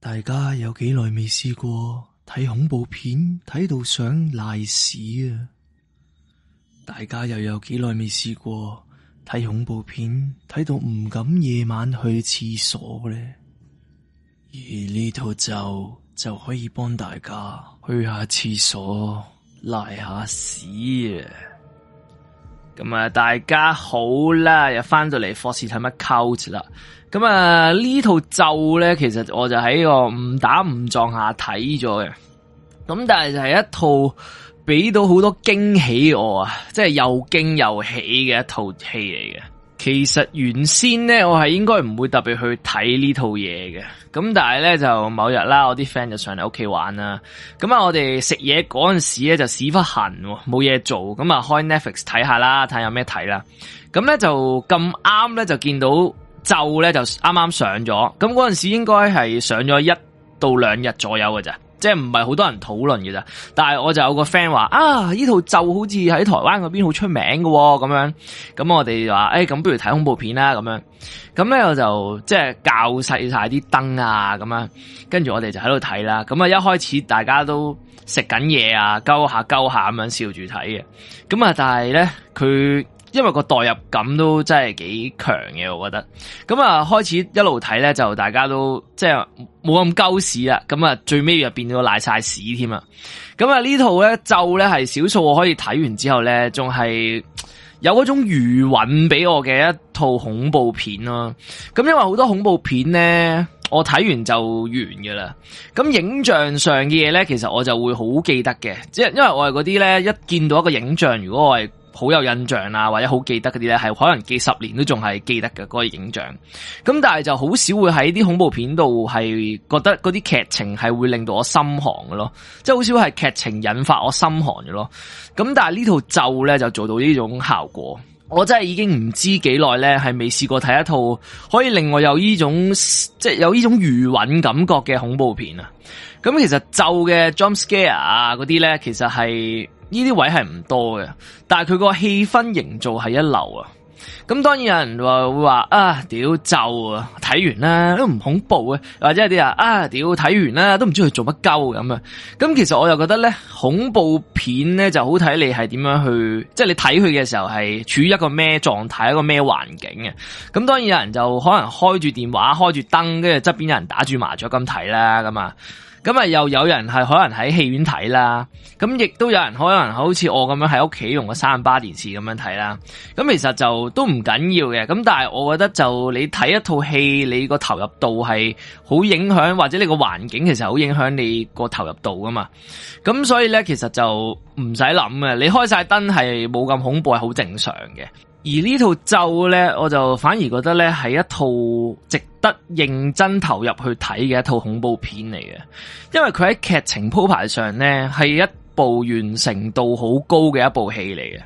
大家有幾耐未試過睇恐怖片睇到想賴屎啊！大家又有幾耐未試過睇恐怖片睇到唔敢夜晚去廁所咧？而呢套咒就可以幫大家去下廁所賴下屎啊！咁啊、嗯，大家好啦，又翻到嚟《霍、嗯、士》睇乜 Cult 啦。咁啊，呢套咒咧，其實我就喺個誤打誤撞下睇咗嘅。咁、嗯、但係就係一套俾到好多驚喜我啊，即係又驚又喜嘅一套戲嚟嘅。其實原先咧，我係應該唔會特別去睇呢套嘢嘅。咁但係咧，就某日啦，我啲 friend 就上嚟屋企玩啦。咁啊，我哋食嘢嗰陣時咧，就屎忽痕，冇嘢做。咁啊，開 Netflix 睇下啦，睇下有咩睇啦。咁咧就咁啱咧，就見到咒就咧就啱啱上咗。咁嗰陣時應該係上咗一到兩日左右嘅咋。即係唔係好多人討論嘅咋，但係我就有個 friend 話啊，呢套就好似喺台灣嗰邊好出名嘅喎、哦，咁樣，咁我哋話，誒、欸，咁不如睇恐怖片啦，咁樣，咁咧我就即係校細晒啲燈啊，咁樣，跟住我哋就喺度睇啦，咁啊一開始大家都食緊嘢啊，鳩下鳩下咁樣笑住睇嘅，咁啊但係咧佢。因為個代入感都真係幾強嘅，我覺得咁啊、嗯，開始一路睇咧，就大家都即係冇咁鳩屎啦，咁啊、嗯、最尾入變咗瀨晒屎添啊！咁、嗯、啊、嗯、呢套咧就咧係少數我可以睇完之後咧，仲係有嗰種餘韻俾我嘅一套恐怖片咯、啊。咁、嗯嗯嗯、因為好多恐怖片咧，我睇完就完噶啦。咁、嗯嗯、影像上嘅嘢咧，其實我就會好記得嘅，即係因為我係嗰啲咧，一見到一個影像，如果我係。好有印象啊，或者好記得嗰啲咧，係可能幾十年都仲係記得嘅嗰個影像。咁但係就好少會喺啲恐怖片度係覺得嗰啲劇情係會令到我心寒嘅咯，即係好少係劇情引發我心寒嘅咯。咁但係呢套咒咧就做到呢種效果，我真係已經唔知幾耐咧係未試過睇一套可以令我有呢種即係有呢種餘韻感覺嘅恐怖片啊！咁其實咒嘅 jump scare 啊嗰啲咧，其實係。呢啲位係唔多嘅，但係佢個氣氛營造係一流啊！咁當然有人話會話啊，屌咒啊，睇完啦，都唔恐怖啊。或者有啲啊啊，屌睇完啦，都唔知佢做乜鳩咁啊！咁其實我又覺得咧，恐怖片咧就好睇你係點樣去，即係你睇佢嘅時候係處於一個咩狀態，一個咩環境啊！咁當然有人就可能開住電話，開住燈，跟住側邊有人打住麻雀咁睇啦，咁啊。咁啊、嗯，又有人係可能喺戲院睇啦，咁、嗯、亦都有人可能好似我咁樣喺屋企用個三八電視咁樣睇啦。咁、嗯、其實就都唔緊要嘅。咁但係我覺得就你睇一套戲，你個投入度係好影響，或者你個環境其實好影響你個投入度噶嘛。咁、嗯、所以呢，其實就唔使諗啊，你開晒燈係冇咁恐怖，係好正常嘅。而呢套咒咧，我就反而覺得咧，係一套值得認真投入去睇嘅一套恐怖片嚟嘅，因為佢喺劇情鋪排上咧，係一部完成度好高嘅一部戲嚟嘅。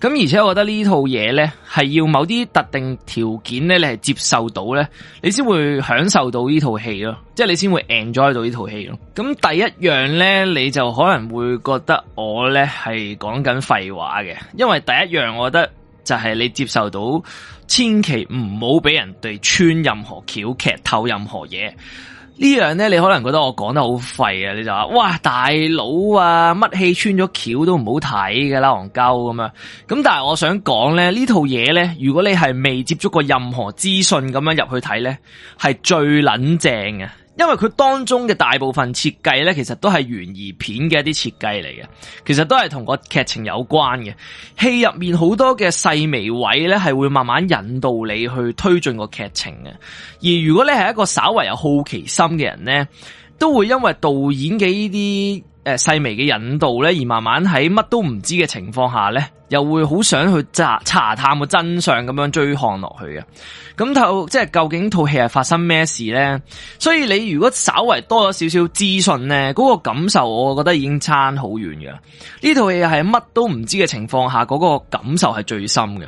咁而且我覺得呢套嘢咧，係要某啲特定條件咧，你係接受到咧，你先會享受到呢套戲咯，即係你先會 enjoy 到呢套戲咯。咁第一樣咧，你就可能會覺得我咧係講緊廢話嘅，因為第一樣我覺得。就係你接受到，千祈唔好俾人哋穿任何橋劇透任何嘢。呢樣呢，你可能覺得我講得好廢啊！你就話：，哇，大佬啊，乜戲穿咗橋都唔好睇㗎啦，戇鳩咁啊！咁但係我想講咧，呢套嘢呢，如果你係未接觸過任何資訊咁樣入去睇呢，係最撚正嘅。因為佢當中嘅大部分設計呢，其實都係懸疑片嘅一啲設計嚟嘅，其實都係同個劇情有關嘅。戲入面好多嘅細微位呢，係會慢慢引導你去推進個劇情嘅。而如果你係一個稍為有好奇心嘅人呢，都會因為導演嘅呢啲。誒，細微嘅引導咧，而慢慢喺乜都唔知嘅情況下咧，又會好想去查查探個真相，咁樣追看落去嘅。咁套即係究竟套戲係發生咩事咧？所以你如果稍微多咗少少資訊咧，嗰個感受，我覺得已經差好遠噶啦。呢套戲係乜都唔知嘅情況下，嗰個感受係最深嘅。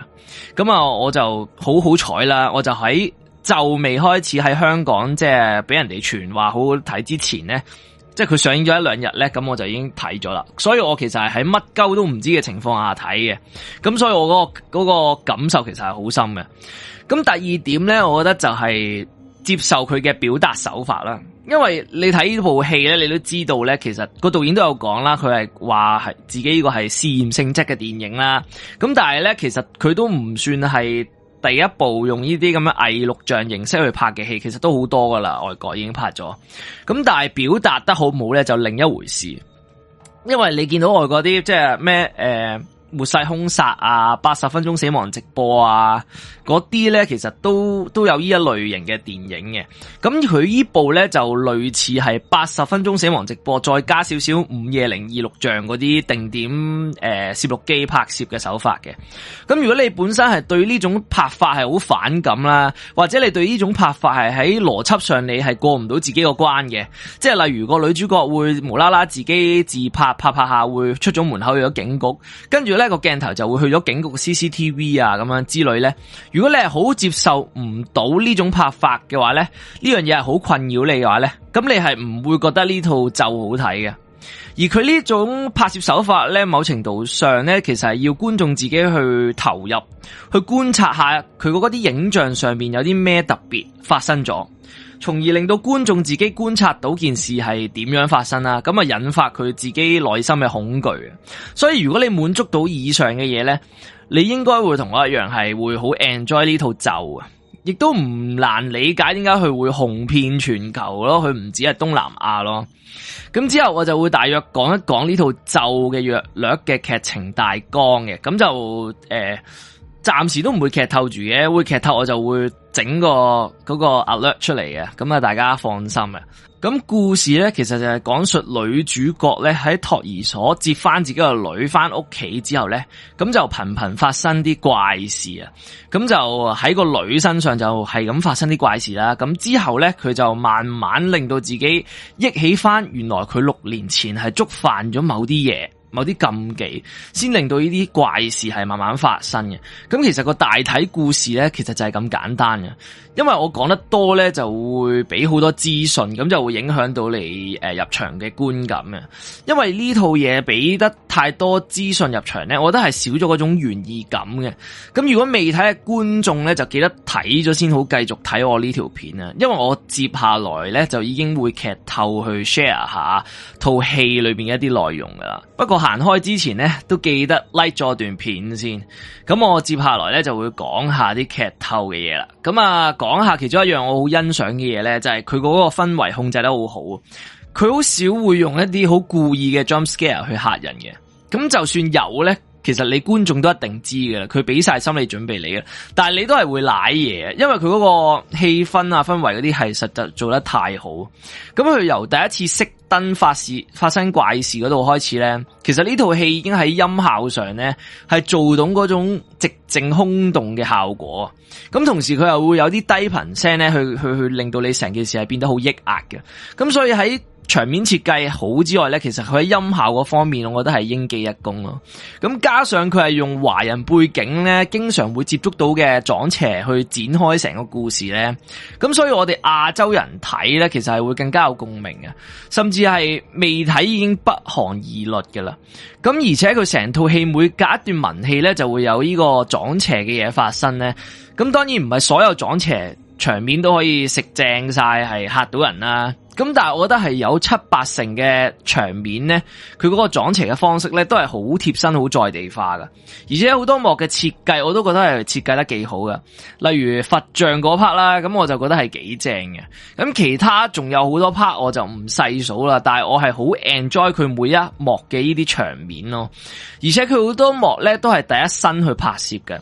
咁啊，我就好好彩啦，我就喺就未開始喺香港，即係俾人哋傳話好好睇之前咧，即係佢上映咗一兩日呢，咁我就已經睇咗啦，所以我其實係喺乜鳩都唔知嘅情況下睇嘅，咁所以我嗰個、嗰個感受其實係好深嘅。咁第二點呢，我覺得就係接受佢嘅表達手法啦，因為你睇呢部戲呢，你都知道呢，其實個導演都有講啦，佢係話係自己呢個係試驗性質嘅電影啦，咁但係呢，其實佢都唔算係。第一部用呢啲咁嘅偽錄像形式去拍嘅戲，其實都好多㗎喇，外國已經拍咗。咁但係表達得好唔好咧，就另一回事。因為你見到外國啲即係咩誒。末晒凶殺啊，八十分鐘死亡直播啊，嗰啲咧，其實都都有呢一類型嘅電影嘅。咁佢依部咧就類似係八十分鐘死亡直播，再加少少午夜零二錄像啲定點誒攝錄機拍攝嘅手法嘅。咁如果你本身係對呢種拍法係好反感啦，或者你對呢種拍法係喺邏輯上你係過唔到自己個關嘅，即係例如個女主角會無啦啦自己自拍，拍拍下會出咗門口有個警局，跟住呢個鏡頭就會去咗警局 CCTV 啊，咁樣之類呢。如果你係好接受唔到呢種拍法嘅話咧，呢樣嘢係好困擾你嘅話呢，咁你係唔會覺得呢套就好睇嘅。而佢呢種拍攝手法呢，某程度上呢，其實係要觀眾自己去投入去觀察下佢嗰啲影像上面有啲咩特別發生咗。從而令到觀眾自己觀察到件事係點樣發生啦，咁啊引發佢自己內心嘅恐懼。所以如果你滿足到以上嘅嘢呢，你應該會同我一樣係會好 enjoy 呢套咒啊！亦都唔難理解點解佢會紅遍全球咯，佢唔止係東南亞咯。咁之後我就會大約講一講呢套咒嘅約略嘅劇情大綱嘅，咁就誒暫時都唔會劇透住嘅，會劇透我就會。整個嗰個 alert 出嚟嘅，咁啊大家放心嘅。咁故事咧，其實就係講述女主角咧喺托兒所接翻自己個女翻屋企之後咧，咁就頻頻發生啲怪事啊。咁就喺個女身上就係咁發生啲怪事啦。咁之後咧，佢就慢慢令到自己憶起翻原來佢六年前係觸犯咗某啲嘢，某啲禁忌，先令到呢啲怪事係慢慢發生嘅。咁其實個大體故事咧，其實就係咁簡單嘅。因為我講得多呢就會俾好多資訊，咁就會影響到你誒入場嘅觀感嘅。因為呢套嘢俾得太多資訊，入場呢我覺得係少咗嗰種懸疑感嘅。咁如果未睇嘅觀眾呢就記得睇咗先好繼續睇我呢條片啊。因為我接下來呢，就已經會劇透去 share 下一套戲裏邊嘅一啲內容噶啦。不過行開之前呢，都記得 like 咗段片先。咁我接下來呢，就會講下啲劇透嘅嘢啦。咁啊～講下其中一樣我好欣賞嘅嘢咧，就係佢嗰個氛圍控制得好好，佢好少會用一啲好故意嘅 jump scare 去嚇人嘅，咁就算有咧。其實你觀眾都一定知㗎啦，佢俾晒心理準備你嘅，但係你都係會舐嘢，因為佢嗰個氣氛啊氛圍嗰啲係實在做得太好。咁佢由第一次熄燈發事發生怪事嗰度開始咧，其實呢套戲已經喺音效上咧係做到嗰種寂靜空洞嘅效果。咁同時佢又會有啲低頻聲咧去去去令到你成件事係變得好抑壓嘅。咁所以喺場面設計好之外咧，其實佢喺音效嗰方面，我覺得係應記一功咯。咁加上佢係用華人背景咧，經常會接觸到嘅撞邪去展開成個故事咧。咁所以我哋亞洲人睇呢，其實係會更加有共鳴嘅，甚至係未睇已經不寒而慄噶啦。咁而且佢成套戲每隔一段文戲呢，就會有呢個撞邪嘅嘢發生呢。咁當然唔係所有撞邪場面都可以食正晒，係嚇到人啦。咁但係我覺得係有七八成嘅場面呢，佢嗰個撞邪嘅方式呢，都係好貼身、好在地化嘅，而且好多幕嘅設計我都覺得係設計得幾好嘅。例如佛像嗰 part 啦，咁我就覺得係幾正嘅。咁其他仲有好多 part 我就唔細數啦，但係我係好 enjoy 佢每一幕嘅呢啲場面咯，而且佢好多幕呢，都係第一身去拍攝嘅。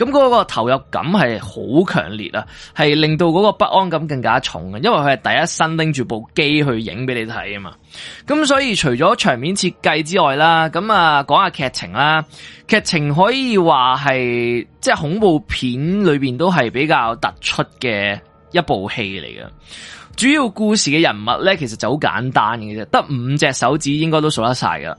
咁嗰個投入感係好強烈啊係令到嗰個不安感更加重啊因為佢係第一身拎住部機去影俾你睇啊嘛。咁所以除咗場面設計之外啦，咁啊講下劇情啦，劇情可以話係即係恐怖片裏邊都係比較突出嘅一部戲嚟嘅。主要故事嘅人物咧，其實就好簡單嘅啫，得五隻手指應該都數得晒噶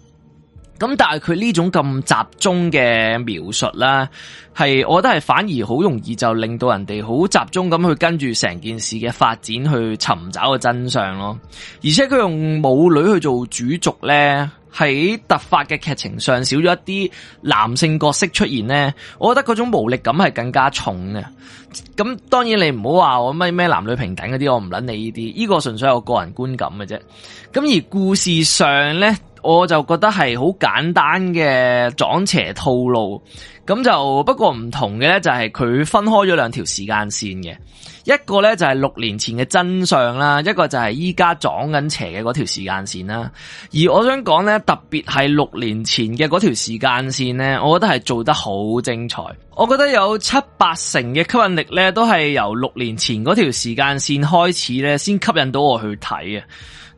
咁但係佢呢種咁集中嘅描述啦，係我覺得係反而好容易就令到人哋好集中咁去跟住成件事嘅發展去尋找個真相咯。而且佢用母女去做主軸呢，喺突發嘅劇情上少咗一啲男性角色出現呢，我覺得嗰種無力感係更加重嘅。咁當然你唔好話我咩咩男女平等嗰啲，我唔捻你呢啲，呢、呢個純粹係我個人觀感嘅啫。咁而故事上呢。我就覺得係好簡單嘅撞邪套路，咁就不過唔同嘅呢，就係佢分開咗兩條時間線嘅，一個呢，就係六年前嘅真相啦，一個就係依家撞緊邪嘅嗰條時間線啦。而我想講呢，特別係六年前嘅嗰條時間線呢，我覺得係做得好精彩，我覺得有七八成嘅吸引力呢，都係由六年前嗰條時間線開始呢，先吸引到我去睇啊。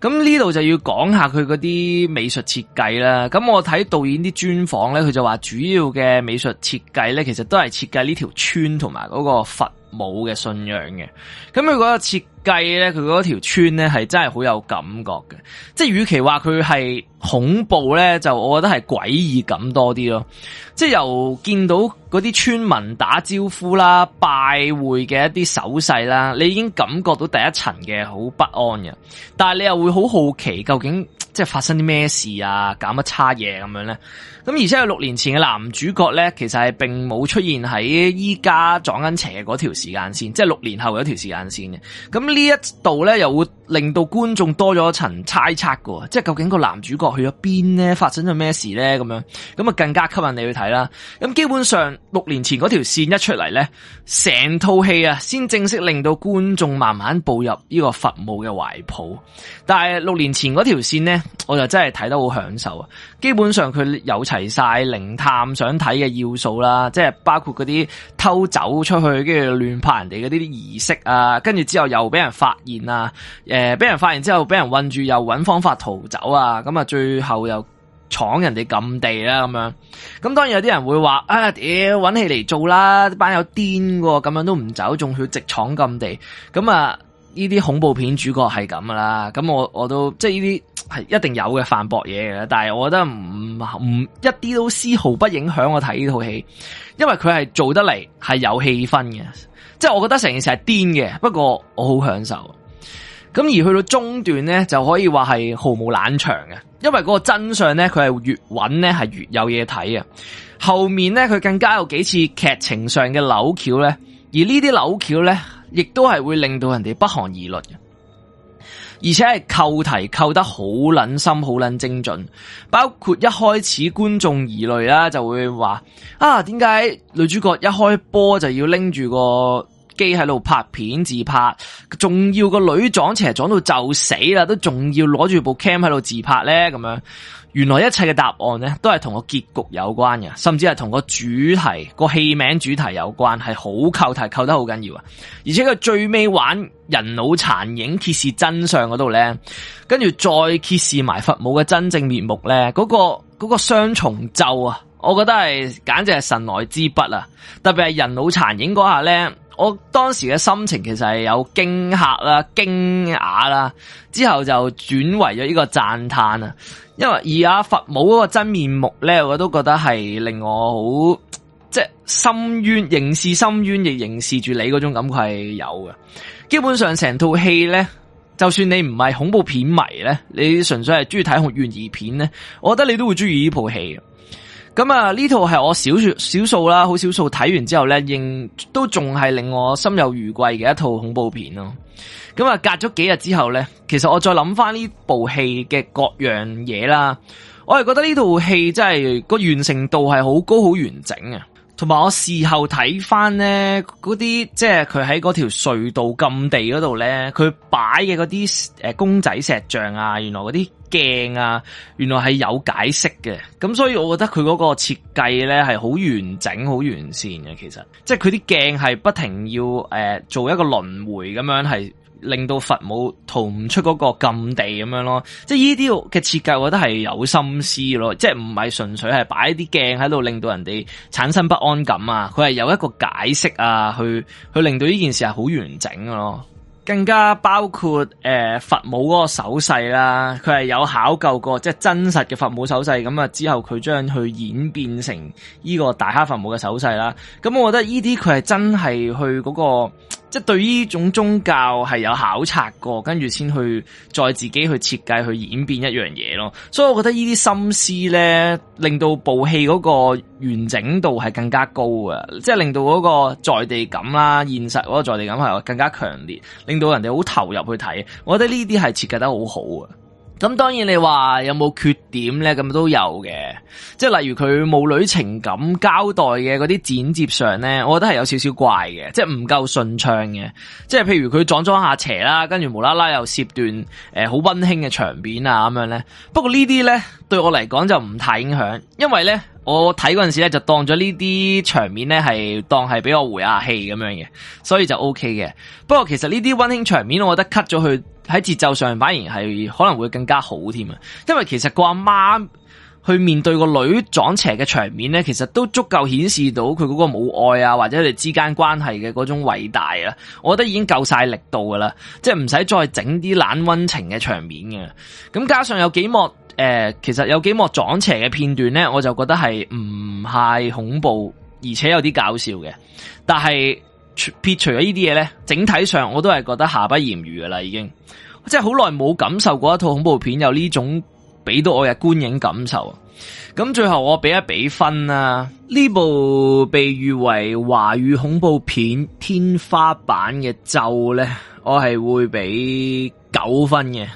咁呢度就要講下佢嗰啲美術設計啦。咁我睇導演啲專訪呢，佢就話主要嘅美術設計呢，其實都係設計呢條村同埋嗰個佛。冇嘅信仰嘅，咁佢嗰個設計咧，佢嗰條村咧係真係好有感覺嘅，即係與其話佢係恐怖咧，就我覺得係詭異感多啲咯。即係由見到嗰啲村民打招呼啦、拜會嘅一啲手勢啦，你已經感覺到第一層嘅好不安嘅，但係你又會好好奇究竟。即係發生啲咩事啊，搞乜差嘢咁、啊、樣咧？咁而且係六年前嘅男主角咧，其實係並冇出現喺依家撞緊邪嗰條時間線，即係六年後嗰條時間線嘅。咁呢一度咧，又會令到觀眾多咗一層猜測噶，即係究竟個男主角去咗邊咧，發生咗咩事咧？咁樣咁啊，就更加吸引你去睇啦。咁基本上六年前嗰條線一出嚟，咧成套戲啊，先正式令到觀眾慢慢步入呢個佛母嘅懷抱。但係六年前嗰條線咧。我就真係睇得好享受啊！基本上佢有齊晒靈探想睇嘅要素啦，即係包括嗰啲偷走出去跟住亂拍人哋嗰啲啲儀式啊，跟住之後又俾人發現啊，誒、呃、俾人發現之後俾人困住又搵方法逃走啊，咁啊最後又闖人哋禁地啦咁樣，咁當然有啲人會話啊，屌搵戲嚟做啦，班友癲㗎，咁樣都唔走仲要直闖禁地，咁啊。呢啲恐怖片主角係咁噶啦，咁我我都即係呢啲係一定有嘅犯駁嘢嘅，但係我覺得唔唔一啲都絲毫不影響我睇呢套戲，因為佢係做得嚟，係有氣氛嘅，即係我覺得成件事係癲嘅，不過我好享受。咁而去到中段呢，就可以話係毫無冷場嘅，因為嗰個真相呢，佢係越搵呢係越有嘢睇啊。後面呢，佢更加有幾次劇情上嘅扭橋呢，而呢啲扭橋呢。亦都係會令到人哋不寒而栗嘅，而且係扣題扣得好捻深、好捻精準。包括一開始觀眾疑慮啦，就會話：啊，點解女主角一開波就要拎住個機喺度拍片自拍？仲要個女撞邪撞到就死啦，都仲要攞住部 cam 喺度自拍咧？咁樣。原來一切嘅答案呢，都係同個結局有關嘅，甚至係同個主題、個戲名、主題有關，係好扣題、扣得好緊要啊！而且佢最尾玩人腦殘影揭示真相嗰度呢，跟住再揭示埋佛母嘅真正面目呢，嗰個嗰個雙重咒啊，我覺得係簡直係神來之筆啊！特別係人腦殘影嗰下呢。我當時嘅心情其實係有驚嚇啦、驚訝啦，之後就轉為咗呢個讚嘆啊。因為而家佛母嗰個真面目咧，我都覺得係令我好即係深淵，凝視深淵亦凝視住你嗰種感覺係有嘅。基本上成套戲咧，就算你唔係恐怖片迷咧，你純粹係中意睇懸疑片咧，我覺得你都會中意呢部戲嘅。咁啊，呢、嗯、套係我少數少數啦，好少數睇完之後呢，仍都仲係令我心有餘悸嘅一套恐怖片咯。咁、嗯、啊，隔咗幾日之後呢，其實我再諗翻呢部戲嘅各樣嘢啦，我係覺得呢套戲真係個完成度係好高好完整啊，同埋我事後睇翻呢嗰啲，即係佢喺嗰條隧道禁地嗰度呢，佢擺嘅嗰啲誒公仔石像啊，原來嗰啲。鏡啊，原來係有解釋嘅，咁所以我覺得佢嗰個設計呢係好完整、好完善嘅。其實，即係佢啲鏡係不停要誒、呃、做一個輪迴咁樣，係令到佛母逃唔出嗰個禁地咁樣咯。即係呢啲嘅設計，我覺得係有心思咯，即係唔係純粹係擺啲鏡喺度令到人哋產生不安感啊。佢係有一個解釋啊，去去令到呢件事係好完整嘅咯。更加包括誒、呃、佛母嗰個手勢啦，佢係有考究過，即係真實嘅佛母手勢。咁啊之後佢將去演變成呢個大黑佛母嘅手勢啦。咁我覺得呢啲佢係真係去嗰、嗰個。即係對於呢種宗教係有考察過，跟住先去再自己去設計去演變一樣嘢咯。所以我覺得呢啲心思咧，令到部戲嗰個完整度係更加高啊，即係令到嗰個在地感啦、現實嗰個在地感係更加強烈，令到人哋好投入去睇。我覺得呢啲係設計得好好啊。咁當然你話有冇缺點呢？咁都有嘅，即係例如佢母女情感交代嘅嗰啲剪接上呢，我覺得係有少少怪嘅，即係唔夠順暢嘅，即係譬如佢撞咗下邪啦，跟住無啦啦又攝段誒好溫馨嘅場面啊咁樣呢，不過呢啲呢，對我嚟講就唔太影響，因為呢，我睇嗰陣時咧就當咗呢啲場面呢係當係俾我回下氣咁樣嘅，所以就 O K 嘅。不過其實呢啲溫馨場面，我覺得 cut 咗去。喺節奏上反而係可能會更加好添啊！因為其實個阿媽去面對個女撞邪嘅場面呢，其實都足夠顯示到佢嗰個母愛啊，或者佢哋之間關係嘅嗰種偉大啊。我覺得已經夠晒力度噶啦，即係唔使再整啲懶溫情嘅場面嘅。咁加上有幾幕誒、呃，其實有幾幕撞邪嘅片段呢，我就覺得係唔係恐怖，而且有啲搞笑嘅。但係除撇除咗呢啲嘢呢，整體上我都係覺得瑕不掩瑜噶啦，已經，即係好耐冇感受過一套恐怖片有呢種俾到我嘅觀影感受。咁最後我俾一俾分啦，呢部被譽為華語恐怖片天花板嘅咒呢，我係會俾九分嘅。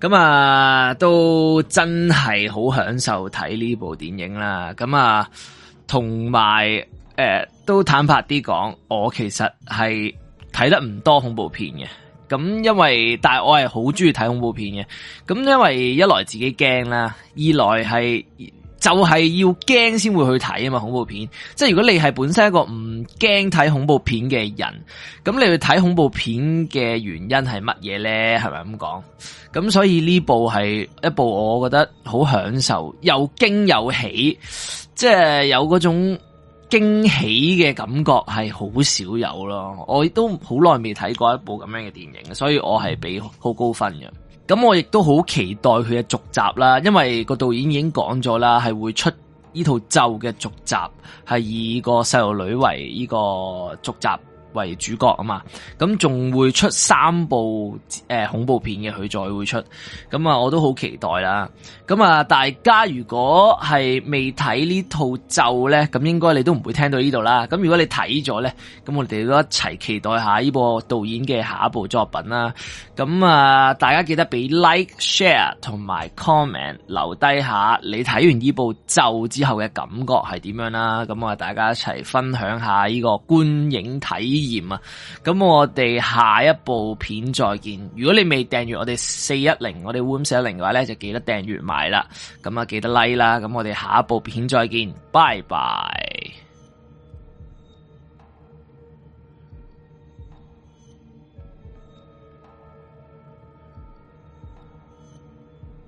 咁啊，都真係好享受睇呢部電影啦。咁啊，同埋。誒，都坦白啲講，我其實係睇得唔多恐怖片嘅，咁因為但係我係好中意睇恐怖片嘅，咁因為一來自己驚啦，二來係就係、是、要驚先會去睇啊嘛，恐怖片，即係如果你係本身一個唔驚睇恐怖片嘅人，咁你去睇恐怖片嘅原因係乜嘢咧？係咪咁講？咁所以呢部係一部我覺得好享受，又驚又喜，即係有嗰種。驚喜嘅感覺係好少有咯，我亦都好耐未睇過一部咁樣嘅電影，所以我係俾好高分嘅。咁我亦都好期待佢嘅續集啦，因為個導演已經講咗啦，係會出呢套咒嘅續集，係以個細路女為呢個續集。為主角啊嘛，咁仲會出三部誒、呃、恐怖片嘅，佢再會出，咁啊我都好期待啦。咁啊大家如果係未睇呢套咒咧，咁應該你都唔會聽到呢度啦。咁如果你睇咗咧，咁我哋都一齊期待下呢部導演嘅下一部作品啦。咁啊大家記得俾 like、share 同埋 comment 留低下你睇完呢部咒之後嘅感覺係點樣啦。咁啊大家一齊分享下呢個觀影體驗。嚴啊！咁我哋下一部片再見。如果你未訂閱我哋四一零，我哋 Room 四一零嘅話咧，就記得訂閱埋啦。咁啊，記得 like 啦。咁我哋下一部片再見，拜拜。